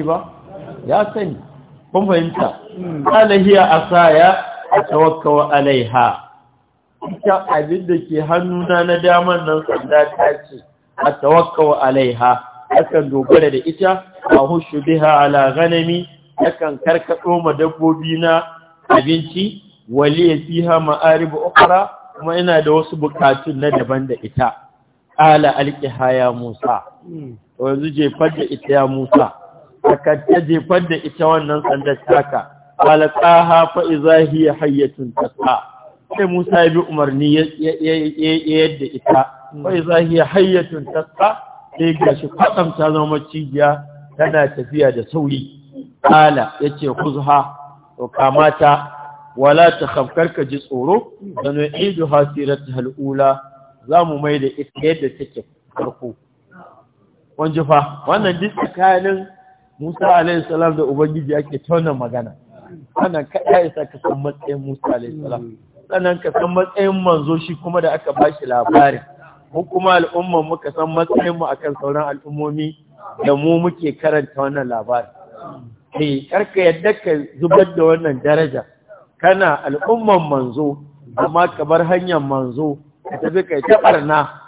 ba ya sani kun fahimta kala hmm. hiya asaya atawakkal alaiha ita abin da ke hannuna na daman nan sanda ta ce atawakkal alaiha akan dogara da ita a hushu biha ala ganami akan karkado ma dabbobi na abinci wali fiha ma'arib ukhra kuma ina da wasu bukatun na daban da ita ala alqiha ya musa hmm. Wanzu jefar da ita ya Musa takadda jefar da ita wannan sandar taka alqaha fa idza hiya hayyatun sai Musa ya bi umarni ya yadda ita fa idza hiya hayyatun sai gashi kwatsam ta zama macijiya tana tafiya da sauri ala yace kuzha to kamata wala ta ka ji tsoro da hasirar ta hal'ula za mu mai da ita yadda take farko wanji fa wannan duk tsakanin Musa alaihi salam da Ubangiji ake tona magana wannan kada ya saka san matsayin Musa alaihi salam sannan ka san matsayin manzo shi kuma da aka bashi labari. mu kuma al'umman muka san matsayin mu akan sauran al'ummomi da mu muke karanta wannan labarin eh karka yadda ka zubar da wannan daraja kana al'umman manzo amma ka bar hanyar manzo ka tafi kai ta barna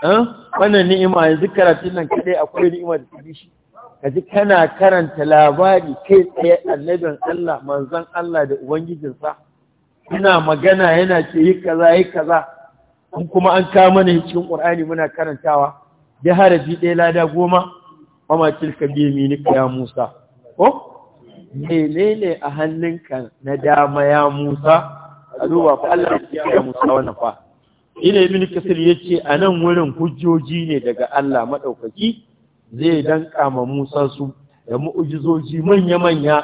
Eh? wannan ni'ima yanzu karatun nan kaɗai akwai ni'ima da tafi shi kaji kana karanta labari kai tsaye annabin Allah manzon Allah da ubangijinsa ina magana yana ce yi kaza yi kaza in kuma an ka mana cikin Qur'ani muna karantawa da harafi ɗaya lada goma amma tilka bi mini ya Musa ko menene a hannunka na dama ya Musa a duba fa Allah ya Musa wannan fa ila ibn kasir yace a nan wurin hujjoji ne daga Allah madaukaki zai danka ma Musa su da mu'jizoji manya-manya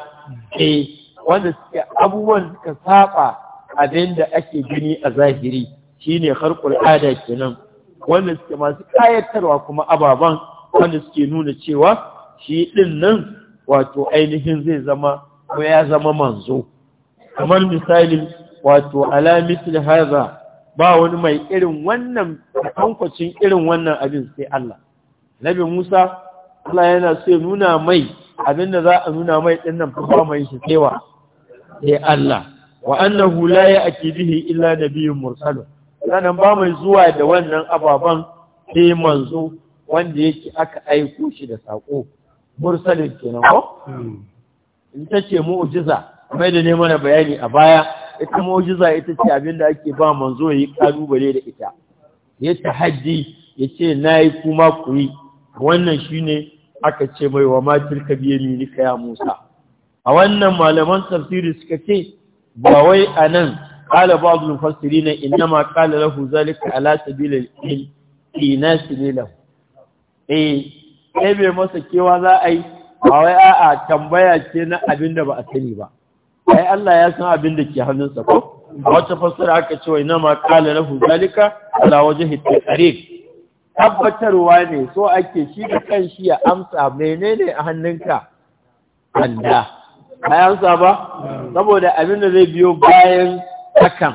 eh wanda suke abubuwan suka saba abin da ake gani a zahiri shine harkul ada kenan wanda suke masu kayatarwa kuma ababan wanda suke nuna cewa shi din nan wato ainihin zai zama ko ya zama manzo kamar misali, wato ala mithli hadha ba wani mai irin wannan kankwacin irin wannan abin sai Allah nabi Musa Allah yana so nuna mai abin da za a nuna mai ɗinnan nan ba mai shi tsewa, sai Allah wa hula ya ake bihe illa da biyun mursalu. sanan ba mai zuwa da wannan ababen sai manzo wanda yake aka aiko shi da sako mursalin kenan ko hmm. in ce mu'ujiza, mai da ne mana bayani a baya ita mojiza ita ce abinda ake ba manzo yi kalubale da ita ya ce yace yi kuma ku yi wannan shine aka ce mai wa matil kabiyami nika ya Musa a wannan malaman tafsiri suka ce ba wai a nan kala ba anan qala na mufassirin ma kala lahu zalika ala sabilil inasi lahu eh sai bai masa kewa za a yi ba wai a'a tambaya ce na abinda ba a sani ba ai Allah ya san abin da ke hannunsa ko wata fassara aka ce wa inama kala lahu zalika ala wajhi tariq tabbatarwa ne so ake shi da kanshi ya amsa menene a hannunka Allah ai amsa ba saboda abin da zai biyo bayan hakan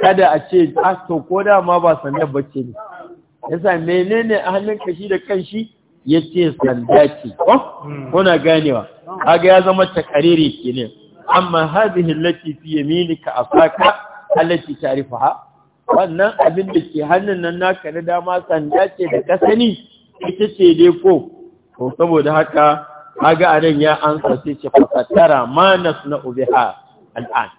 kada a ce a ah, to ko da ma ba sanda bace ne yasa menene a hannunka shi da kanshi ya ce sanda ce ko hmm. kuna ganewa kaga ya zama takariri kenan amma hadhihi allati fi yaminika afaka allati ta'rifaha wannan abin da ke hannun nan naka na dama sanda ce da ka sani ita ce dai ko to saboda haka kaga anan ya ansa sai ce fatara ma nasna biha al'an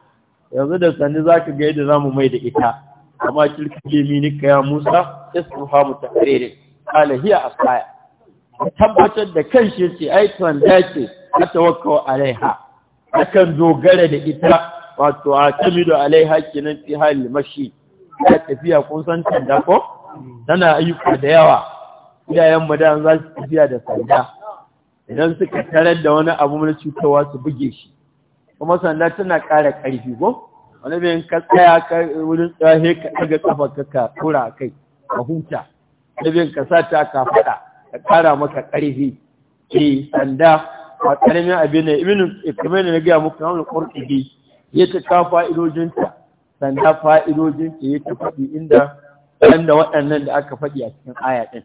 yanzu da sani zaka ga yadda zamu mai da ita amma tilka yaminika ya Musa isruha mutahririn qala hiya asaya tabbatar da kanshi ce ai sanda ce ta tawakkal alaiha akan dogara da ita wato a tamido alaiha kenan fi hali mashi ya tafiya kun san sanda ko tana ayyuka da yawa iyayen mu da za su tafiya da sanda idan suka tarar da wani abu na cutarwa su buge shi kuma sanda tana ƙara ƙarfi ko wani bai ka tsaya ka wurin tsaye ka ɗaga kafa ka ka tura kai ka huta wani bai ka sa ka faɗa ka ƙara maka ƙarfi eh sanda ba ƙaramin abin da? ibn kamar da na gaya muku namun ƙurƙuɗi ya ta ka fa'idojinta sanda fa'idojinta ya ta faɗi inda wanda waɗannan da aka faɗi a cikin aya ɗin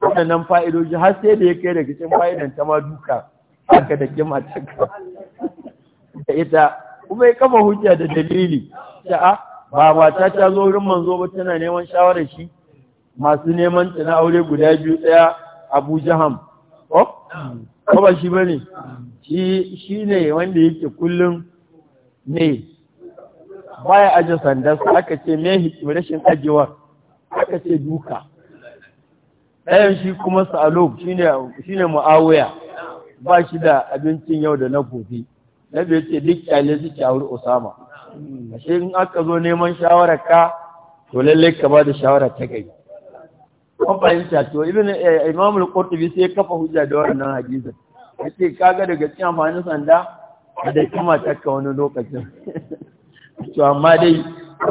waɗannan fa'idoji har sai da ya kai daga cikin fa'idan ta ma duka aka da ke ta da ita kuma ya kafa hujja da dalili ta ah, ba mata ta zo wurin manzo ba tana neman shawarar shi masu neman ta na aure guda biyu ɗaya abu jaham ko ba shi ba ne? shi ne wanda yake kullum ne baya aje sandarsa aka ce me rashin ajewar aka ce duka ɗayan shi kuma shi ne mu'awiya ba shi da abincin yau da na gobe na biyu ce duk kyale suke a osama ashe in aka zo neman shawarar ka to lallai ka ba da shawarar ta gari kuma fahimta to ibn eh, imam al-qurtubi sai ya kafa hujja da wannan hadisi yace kaga daga cikin amfanin sanda da kuma takka wani lokacin to amma dai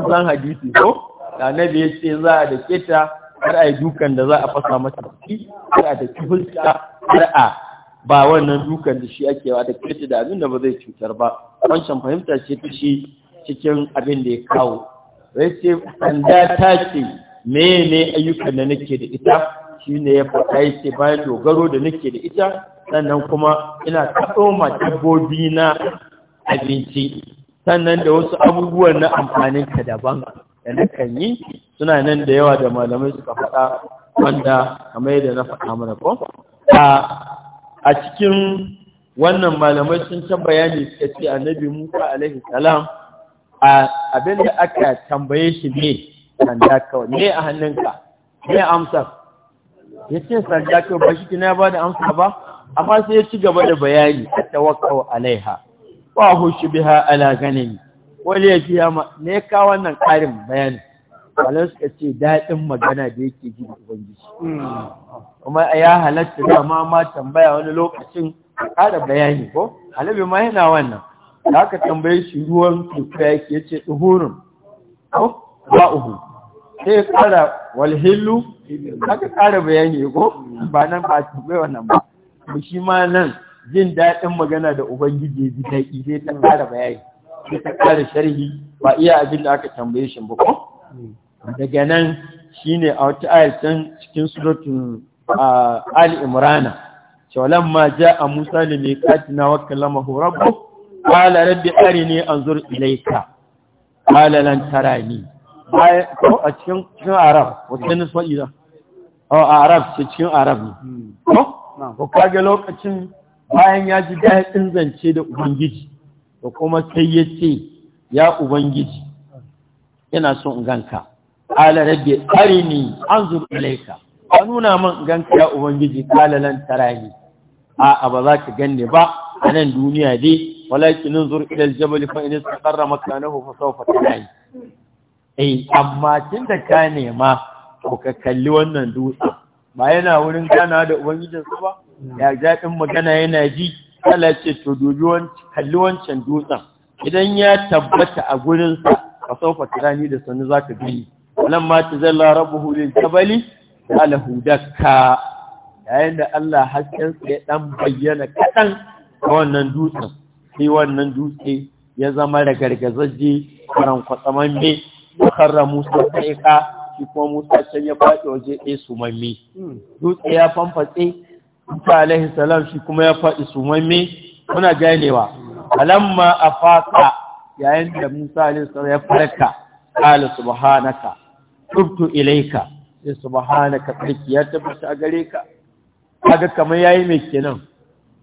san hadisi ko annabi yace za a da kita har ai dukan da za a fasa mata ki za a dake har a ba wannan dukan da shi ake wa da kita da abin da ba zai cutar ba wancan fahimta ce ta shi cikin abin da ya kawo sai sanda ta ce mene ayyukan da nake da ita shi ne ya faɗa yake bayan dogaro da nake da ita sannan kuma ina taɓo ma dabbobi na abinci sannan da wasu abubuwan na amfanin ka daban da nakan yi suna nan da yawa da malamai suka faɗa wanda kamar yadda na faɗa mana ko a cikin wannan malamai sun can bayani suka ce annabi Musa alaihi salam a abin da aka tambaye shi ne sanda kawai ne a hannunka ne amsa ya ce sanda kawai ba shi kina ba da amsa ba amma sai ya ci gaba da bayani a tawakkau alaiha wa hushi biha ala ganin wani ya fiya ma ne ka wannan karin bayani wala suka ce daɗin magana da yake ji da ubangiji kuma ya halatta dama ma ma tambaya wani lokacin kada bayani ko alabi ma yana wannan da aka tambaye shi ruwan teku ya ke ce tsuhurin ko ba uhu sai ƙara walhillu aka ƙara bayani ko ba nan ba su bai wannan ba mu shi ma nan jin daɗin magana da ubangiji ji daɗi sai ta ƙara bayani sai ta ƙara sharhi ba iya abin da aka tambaye shi ba ko daga nan shine a wata ayar can cikin suratun ali imrana cewalan ma a musa da mai katina wa kallamahu rabbu qala rabbi arini anzur ilayka qala lan tarani bayan a cikin arab wata nisfa ila oh, a arab ce cikin arab ne hmm. ko kage lokacin bayan ya ji daɗin zance da ubangiji da kuma sai ya ce ya ubangiji yana son in ganka ala rabbi arini anzur ilayka ka nuna min ganka ya ubangiji kala lan tarani a'a ba za ka ganni ba a nan duniya dai walakin anzur ila aljabal fa in istaqarra makanahu fa sawfa tarani eh amma tun da ka nema ko ka kalli wannan dutsen ba yana wurin gana da su ba mm. ya jaɗin magana yana ji kala ce to dubi kalli wancan dutsen idan ya tabbata a gurinsa ka saufa kirani da sanu za ka gani wannan ma ta zalla rabuhu lil jabali alahu dakka yayin da Allah hasken ya ɗan bayyana kaɗan ga wannan dutsen sai wannan dutse ya zama da gargazaje karan wa musa ta sa'iqa shi kuma musa can ya faɗi waje ɗaya sumammi hmm. dutse ya fanfatse musa alaihi salam shi kuma ya faɗi sumammi muna ganewa alamma afaka yayin da musa alaihi salam ya farka qala subhanaka tubtu ilaika sai subhanaka tsarki. ya tabbata a gare ka kaga kamar yayi mai kenan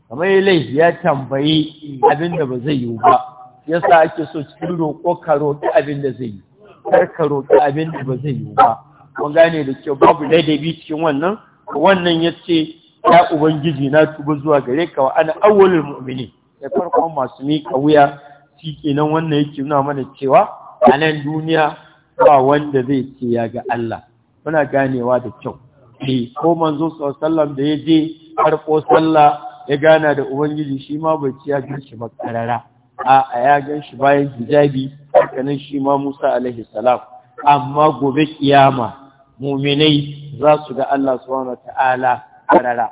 kamar yayi laifi ya tambayi abinda ba zai yi ba yasa ake so cikin roƙo ka roƙi abinda zai yi kar ka roƙi abin da ba zai yiwu ba mun gane da kyau babu ladabi cikin wannan wannan ya ce ya ubangiji na tuba zuwa gare ka wa ana awwalul mu'mini da farkon masu miƙa wuya shi nan wannan yake nuna mana cewa a nan duniya ba wanda zai ce ya ga Allah muna ganewa da kyau eh ko manzo sallam da ya je harko sallah ya gana da ubangiji shi ma bai ci ya ba ƙarara a ya gan shi bayan hijabi hakanan shi ma Musa alaihi salam amma gobe kiyama muminai za su ga Allah subhanahu ta'ala karara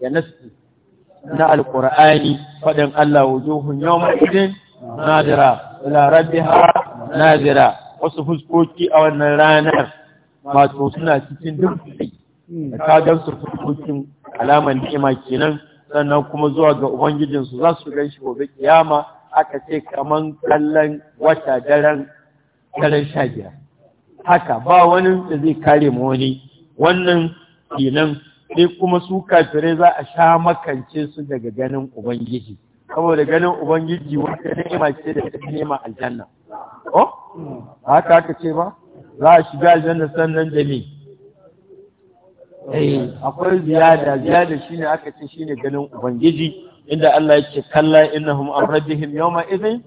ya nasu na alqur'ani faɗin Allah wujuhun yawma idin nadira ila rabbiha nadira wasu fuskoki a wannan ranar wato suna cikin dukkan ka gan su fuskokin alaman ni'ima kenan sannan kuma zuwa ga ubangijinsu za su gan shi gobe kiyama aka ce kaman kallon wata daren daren sha biyar haka ba wani da zai kare ma wani wannan kenan sai kuma su kafirai za a sha makance su daga ganin ubangiji saboda ganin ubangiji wata nema ce da ta nema aljanna oh haka aka ce ba za a shiga aljanna sannan da me eh akwai ziyada ziyada shine aka ce shine ganin ubangiji inda Allah yake kalla innahum an yau ma izin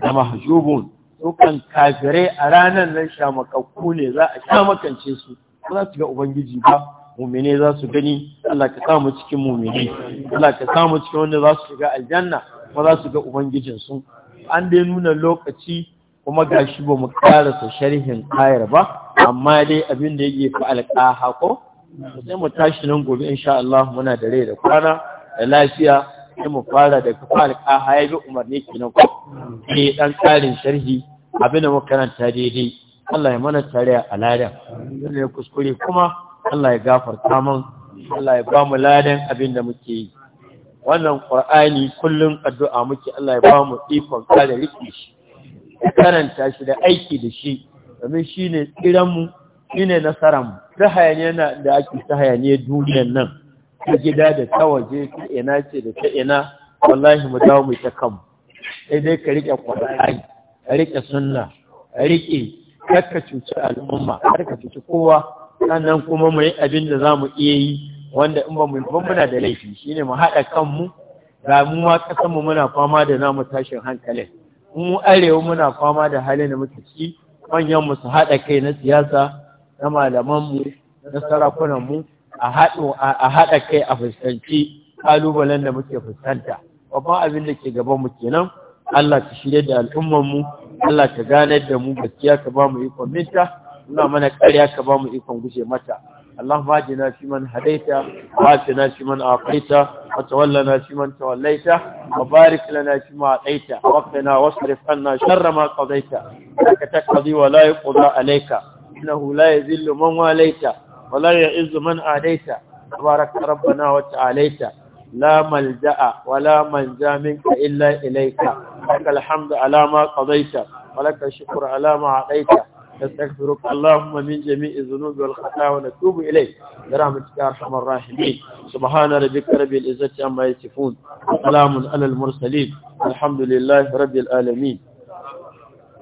da mahjubun Dukkan kafirai a ranar nan shamakakku ne za a shamakance su za su ga ubangiji ba mummine za su gani Allah ka samu cikin mummine Allah ka samu cikin wanda za su shiga aljanna kuma za su ga ubangijin su an dai nuna lokaci kuma ga shi ba mu karasa sharhin kayar ba amma dai abin da yake fa alqaha ko sai mu tashi nan gobe insha Allah muna da rai da kwana da lafiya sai mu fara da kafa alƙaha ya bi umarni nan kuma ya dan ƙarin sharhi abin da muka karanta daidai Allah ya mana tare a ladan ne kuskure kuma Allah ya gafarta mun Allah ya ba mu ladan abin da muke yi wannan ƙur'ani kullum addu'a muke Allah ya ba mu ikon kare riki shi karanta shi da aiki da shi domin shine tsiran mu shine nasaran mu ta hayaniya da ake ta hayaniya duniyar nan ta gida da ta waje ta ina ce da ta ina wallahi mu dawo mu ta kanmu sai dai ka riƙe qur'ani ka riƙe sunna ka riƙe ka cuci al'umma kar ka cuci kowa sannan kuma mu yi abin da za mu iya yi wanda in ba mu ba muna da laifi shine mu haɗa kanmu ga mu ma ƙasar mu muna fama da namu tashin hankalin mu arewa muna fama da halin da muke ciki manyan mu su haɗa kai na siyasa na malaman mu na sarakunan mu a haɗa kai a fuskanci ƙalubalen da muke fuskanta, babban abin da ke gaban mu kenan Allah ta shirya da al’ummanmu, Allah ta gane da mu gaskiya ka ba mu ikon minta, suna mana karya ka ba mu ikon gushe mata. Allah ba ji na shiman haɗaita, ba ce na shiman a kaita, a tawalla na shiman tawallaita, a barik la na shima a ɗaita, a na wasu rifan na sharra ma kazaita, ka ta kazi wa layi ƙuda ina hula ya zillu man wa walar ya izu man aleta, wata aleta, la wala man jaminka illa ilaika, alhamdu alama kazaita, walaka shukur alama haɗaita, da tsakfuru Allahumma min jami izinu biyar kata wani tubu ilai, gara mu cikin arhamar rahimi, su mahana rabi karbi izacci amma alal mursalin, alhamdulillah rabi al'alamin.